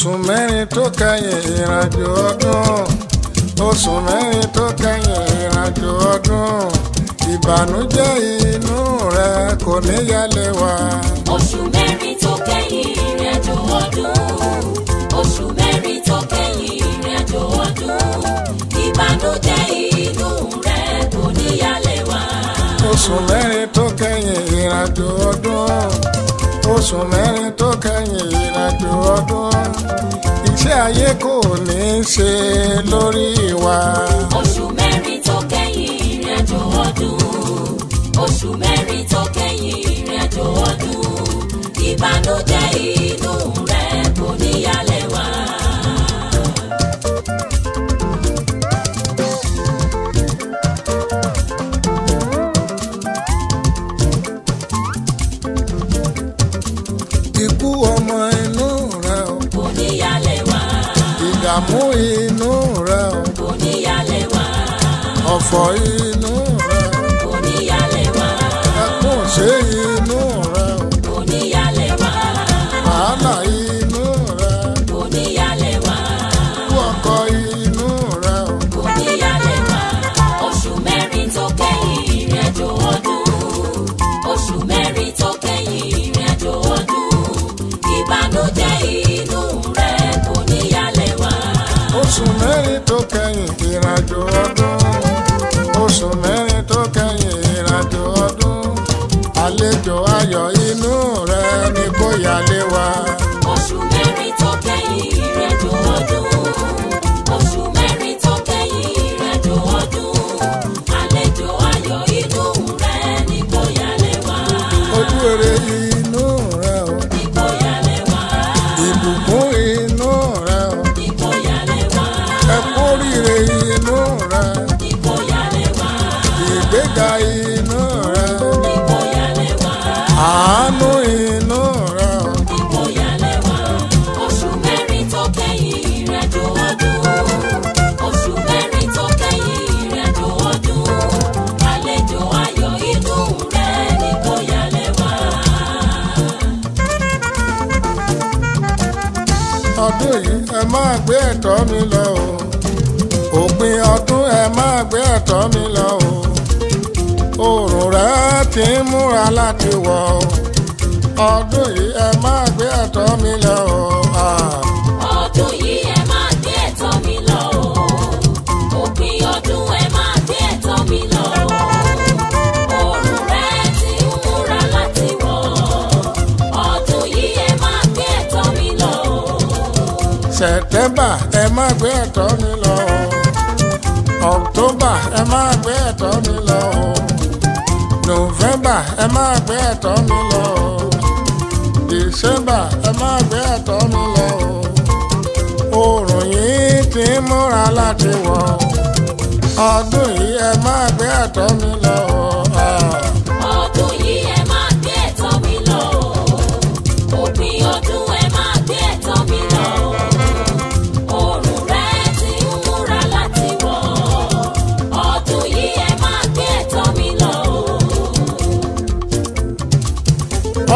oṣù mẹ́rin tó kẹ́yìn ìrìnàjò ọdún oṣù mẹ́rin tó kẹ́yìn ìrìnàjò ọdún ìbànújẹ́ inú rẹ kò ní yálẹ̀ wá. oṣù mẹ́rin tó kẹ́yìn ìrìnàjò ọdún oṣù mẹ́rin tó kẹ́yìn ìrìnàjò ọdún ìbànújẹ́ inú rẹ kò ní yálẹ̀ wá. oṣù mẹ́rin tó kẹ́yìn ìrìnàjò ọdún oṣù mẹ́rin tó kẹ́yìn ìrìnàjò ọdún ayé kò ní í ṣe lórí wa. oṣù mẹ́rin tó kẹ́yìn ìrìn àjò ọdún oṣù mẹ́rin tó kẹ́yìn ìrìn àjò ọdún ìbànújẹ́ inú rẹ̀ kò níyàlẹ̀ wá. ikú ọmọ ẹni dààmú inú rẹ o. oníyàlẹ̀ wá. ọ̀fọ̀ yìí. àjò ayọ̀ inú rẹ ni kó yà lé wa. oṣù mẹ́rin tó kẹ́yìn ìrẹ́jọ ọdún oṣù mẹ́rin tó kẹ́yìn ìrẹ́jọ ọdún àlejò ayọ̀ inú rẹ ni kó yà lé wa. ojú eré yìí. ọdún yìí ẹ máa gbé ẹ̀tọ́ mi lọ o òpin ọdún ẹ máa gbé ẹ̀tọ́ mi lọ o oòrùn rẹ ti ń múra láti wọ̀ ọdún yìí ẹ máa gbé ẹ̀tọ́ mi lọ o. September ẹ má gbé ẹ̀tọ́ mi lọ o October ẹ má gbé ẹ̀tọ́ mi lọ o November ẹ má gbé ẹ̀tọ́ mi lọ o December ẹ má gbé ẹ̀tọ́ mi lọ o oòrùn yìí ti múra láti wọ̀ ọdún yìí ẹ má gbé ẹ̀tọ́ mi lọ o.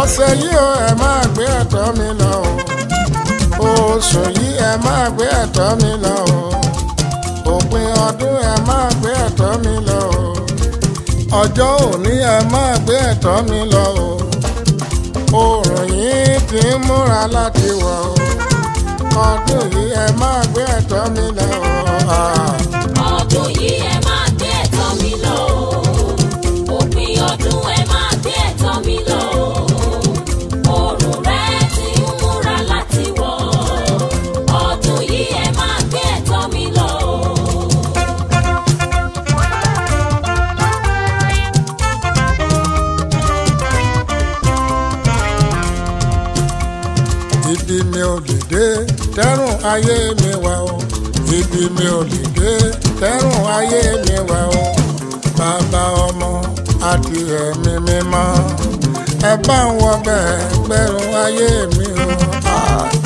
ọ̀sẹ̀ yìí o ẹ máa gbé ẹ̀tọ́ mi lọ o oṣù yìí ẹ máa gbé ẹ̀tọ́ mi lọ o òpin ọdún ẹ máa gbé ẹ̀tọ́ mi lọ o ọjọ́ òní ẹ máa gbé ẹ̀tọ́ mi lọ o oòrùn yìí ti ń múra láti wọ̀ o ọdún yìí ẹ máa gbé ẹ̀tọ́ mi lọ o. Ah. ọdún yìí ẹ. dé ayé mi wá o ibi mi ò lè dé tẹ́rùn ayé mi wá o bàbá ọmọ àti ẹ̀mí mímọ́ ẹ bá ń wọ bẹ́ẹ̀ gbẹ̀rún ayé mi o. Ah.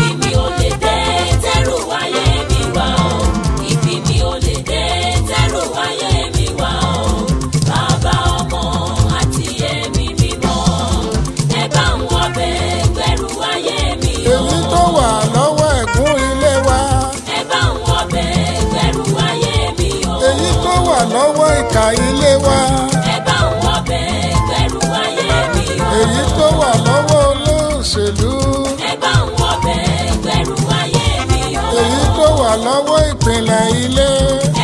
lọ́wọ́ ìkà ilé wa. ẹ bá wọn bẹ ẹgbẹ̀rún ayé mi o. èyí tó wà lọ́wọ́ olóṣèlú. ẹ bá wọn bẹ ẹgbẹ̀rún ayé mi o. èyí tó wà lọ́wọ́ ìpìlẹ̀ ilé.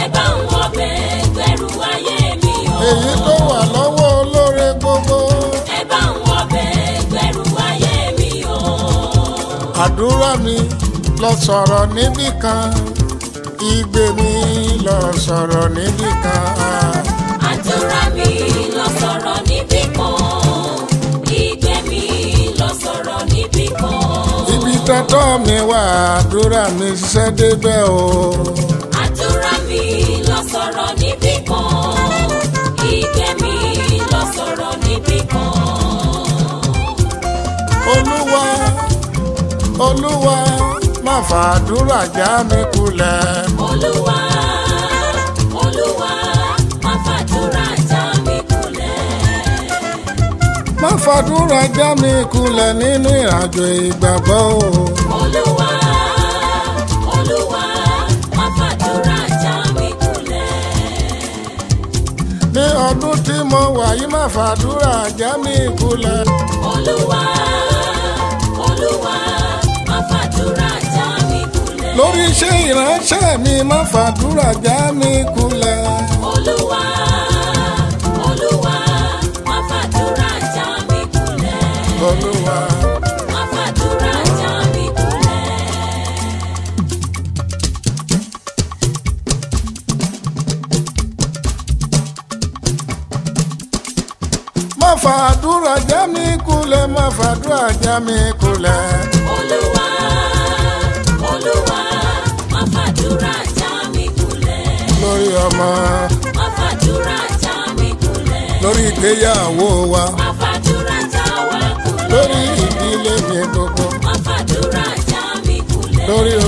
ẹ bá wọn bẹ ẹgbẹ̀rún ayé mi o. èyí tó wà lọ́wọ́ olóore gbogbo. ẹ bá wọn bẹ ẹgbẹ̀rún ayé mi o. àdúrà mi lọ sọ̀rọ̀ níbì igbe mi lọ sọ̀rọ̀ níbì kan. àjọra mi lọ sọ̀rọ̀ níbì kan. ìgbẹ́ mi lọ sọ̀rọ̀ níbì kan. ibi tọ́tọ́ mi wà àdúrà mi ṣiṣẹ́ débẹ̀ o. àdúrà mi lọ sọ̀rọ̀ níbì kan. ìgbẹ́ mi lọ sọ̀rọ̀ níbì kan. olúwa olúwa má fàdúrà já mi kulẹ̀. olúwa olúwa má fàdúrà já mi kulẹ̀. má fàdúrà já mi kulẹ̀ nínú ìrìnàjò ìgbàgbọ́ o. olúwa olúwa má fàdúrà já mi kulẹ̀. ní ọdún tí mo wà yìí má fàdúrà já mi kulẹ̀. olúwa olúwa lórí iṣẹ́ ìránṣẹ́ mi má fàdúrà já mi kulẹ̀. olúwa olúwa má fàdúrà já mi kulẹ̀. olúwa. má fàdúrà já mi kulẹ̀. má fàdúrà já mi kulẹ̀ má fàdúrà já mi kulẹ̀. wọn. Má fàdúrà já mi kulẹ̀. Lórí ìgbéyàwó wa. Má fàdúrà wa kulẹ̀. Lórí ìdílé mi gbogbo. Má fàdúrà mi kulẹ̀. Lórí